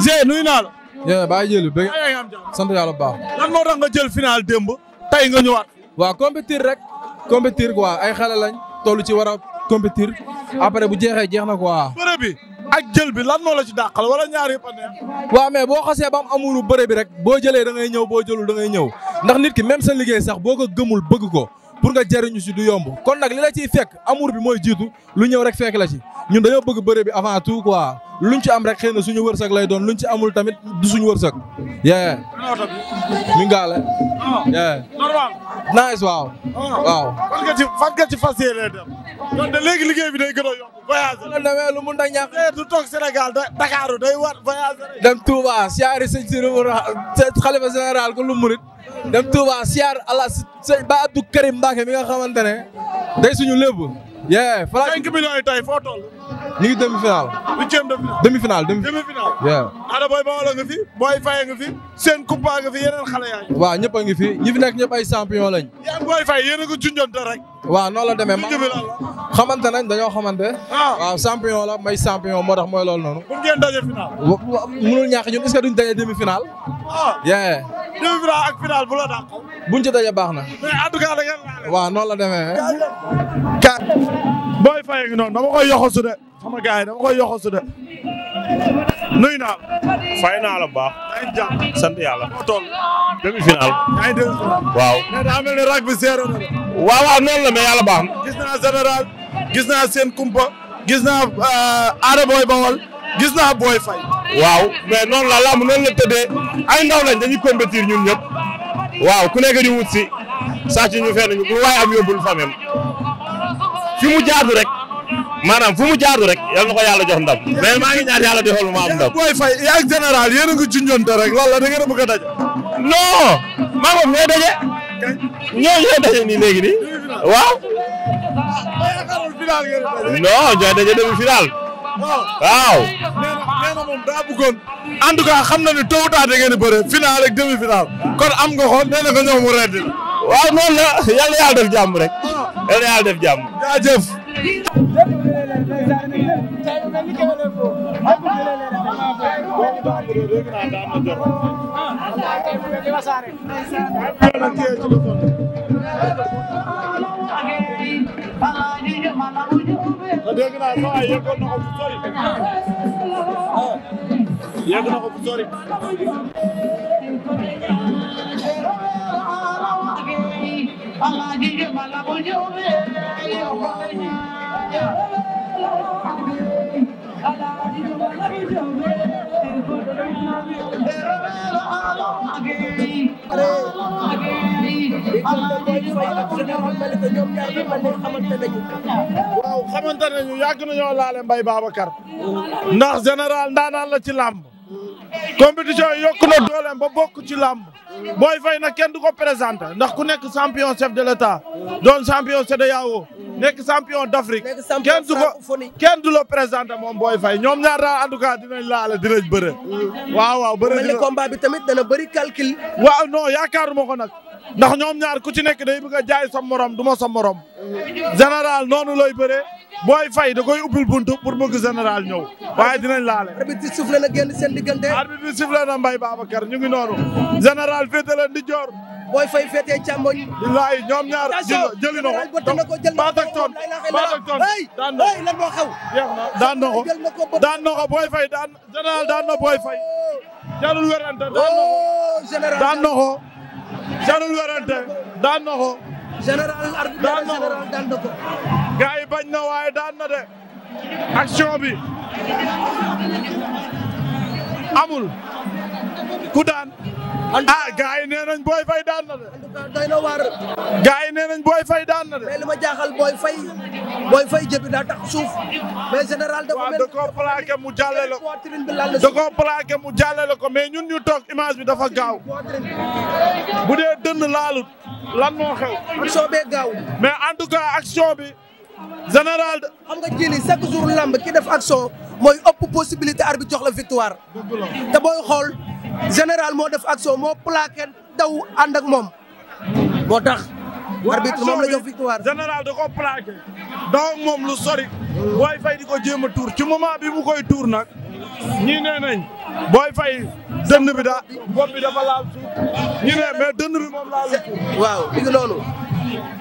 Zé nuyu naa lo yéen baa ngi jël bëgg sant yàlla bu baax. lan moo tax nga jël final démb tey nga ñëwaat. waa compétir rek. compétir quoi ay xale lañ to lu ci war a compétir après bu jeexee jeex na quoi. bëre bi ak jël bi lan moo la ci dàqal wala ñaar yëpp a neex. waaw mais boo xasee ba am amuru bëre bi rek boo jëlee da ngay ñëw boo jëlul dangay ngay ñëw ndax nit ki même sa liggéey sax boo ko gëmul bëgg ko pour nga ñu si du yomb kon nag li la ciy fekk amour bi mooy jiitu lu ñëw rek fekk la ci ñun dañoo bëgg bëre bi avant tout quoi. luñ ci am rek xëy na suñu wërsëg lay doon luñ ci amul tamit du suñu wërsëg. yee. mi ngaale. yee. normal. nice waaw. waaw. fan nga ci de léegi liggéey bi day gën a yokk voyage. la eh, toog Sénégal Dakar day war voyage. dem Touba siyaari sëñ si xalifa général ko lu murit dem Touba siyaar ala sëñ Ba Abdou Karim Mbacke mi nga xamante ne day suñu lépp. yee. 5 foo toll. ñu ngi demi final. huitième demi final demi final. waaw. Ada Boy Baol nga fi Boy Faye nga fi seen Kumpa nga fi yeneen xale yaa ngi. waaw ñëpp a ngi fi ñi fi nekk ñëpp ay champion lañ. yaa Boy Faye yéen a ko junjoonte rek. waaw xamante nañ dañoo xamante. Ah. waaw champion la may champion moo tax mooy loolu noonu. bu ngeen daje final. mënul ñàkk ñun est-ce que duñ daje demi final. ah demi final ak final bu la dàq. buñ ci daje baax na. mais en da ngeen booy fay ngi noonu dama koy yoxosu de sama gars yi dama koy yoxosu de nuyu naa la. fay bu baax. maa sant yàlla. moo tool demi final. maa ngi demi waaw. mais daa na de. waaw waaw la mais yàlla baax na. gis naa général gis naa seen kumpa gis naa euh, aada booy bawol gis naa booy fay. waaw mais noonu la làmb noonu la tëddee ay ndaw lañ dañuy compétir ñun ñëpp waaw ku nekk di wut si sàcc ñu fenn ñu bu waaye am yóbbul famem fi mu jaadu rek maanaam fu mu jaadu rek yal na ko yàlla jox ndam mais maa ngi ñaan yàlla defal ma am ndam. booy fay yaa ngi a ngi junjonte rek lan la da a léegi nii waaw. non ñooy daje demi final. waaw. en tout cas xam na ne taw taa da ngeen di bëre final ak demi final kon am nga ko nee na ko ñoom def jàmm rek. yàlla def jàmm. jaajëf. dégg naa sa ay yeggoon na ko bu sori yegg na ko bu sori Allah ji waaw xamante nañu yàgg nañoo laale Mbaye Babacar ndax général ndaanaan la ci làmb compétition yi yokk na dooleem ba bokk ci làmb Boy Faye nag kenn du ko présenté ndax ku nekk champion chef de l'état doon champion CEDEAO nekk champion d'Afrique kenn du ko kenn du la présenté moom Boy Faye ñoom ñaar daal en tout cas dinañ laale dinañ bëre waaw waaw bëre dina combat bi tamit dana bëri calcul waaw non yaakaaruma ko nag ndax ñoom ñaar ku ci nekk day bëgg a jaay sa morom du ma sa morom général noonu lay bëree booy fay da koy ubbil buntu pour bëgg général ñëw waaye dinañ laale. arbitre bi sifflé génn seen diggante. arbitre bi sifflé na Mbaye Babacar ñu ngi noonu. général féete la di joor. booy fay féete càmmoñ. bilaay ñoom ñaar jëli na ko baat ak toon baat ak toon daan na ko lan moo xew. booy fay daan général booy fay. daan na ko daan na ko jarul werante daan daan na gaay bañ na waaye daan na de action bi amul ku daan ah gaay nee nañ Boy Faye daan na de en tout cas doy na waar gaay nee nañ Boy Faye daan na de mais li ma jaaxal suuf mais général dafa mu jàllale ko da ko mu jàllale ko mais ñun ñu toog image bi dafa gaaw bu dee dënn laalut lan moo xew action bee gaaw mais en tout cas bi général de. xam nga jili chaque jour lamb ki def action mooy ëpp possibilité arbitre jox la victoire. te booy xool général moo def action moo plaqué daw ànd ak moom. moo tax. arbitre moom la jox victoire général da ko plaqué. daw moom lu sori. booy fay di ko jéem a tuur ci moment bi mu koy tuur nag. ñii nee nañ. booy fay dënn bi da bopp dafa laal suuf. ñu ne mais dënn bi moom laalu. waaw léegi loolu.